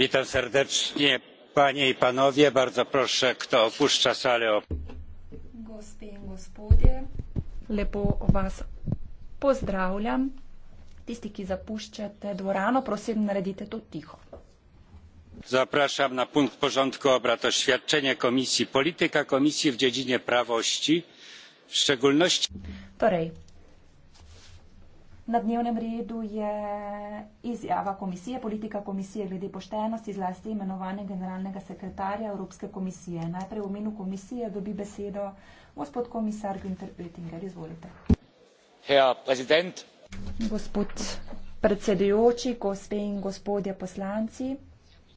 witam serdecznie panie i panowie bardzo proszę kto opuszcza salę o gospe in gospodje lepo vas pozdravljam tisti ki zapuščate dvorano prosim naredite to tiho zapraszam na punkt porządku obrad oświadczenie komisji polityka komisji w dziedzinie prawości w szczególności. torej Na dnevnem redu je izjava komisije, politika komisije glede poštenosti, zlasti imenovanje generalnega sekretarja Evropske komisije. Najprej v imenu komisije dobi besedo gospod komisar Günter Oettinger. Izvolite. Gospod predsedujoči, gospe in gospodje poslanci.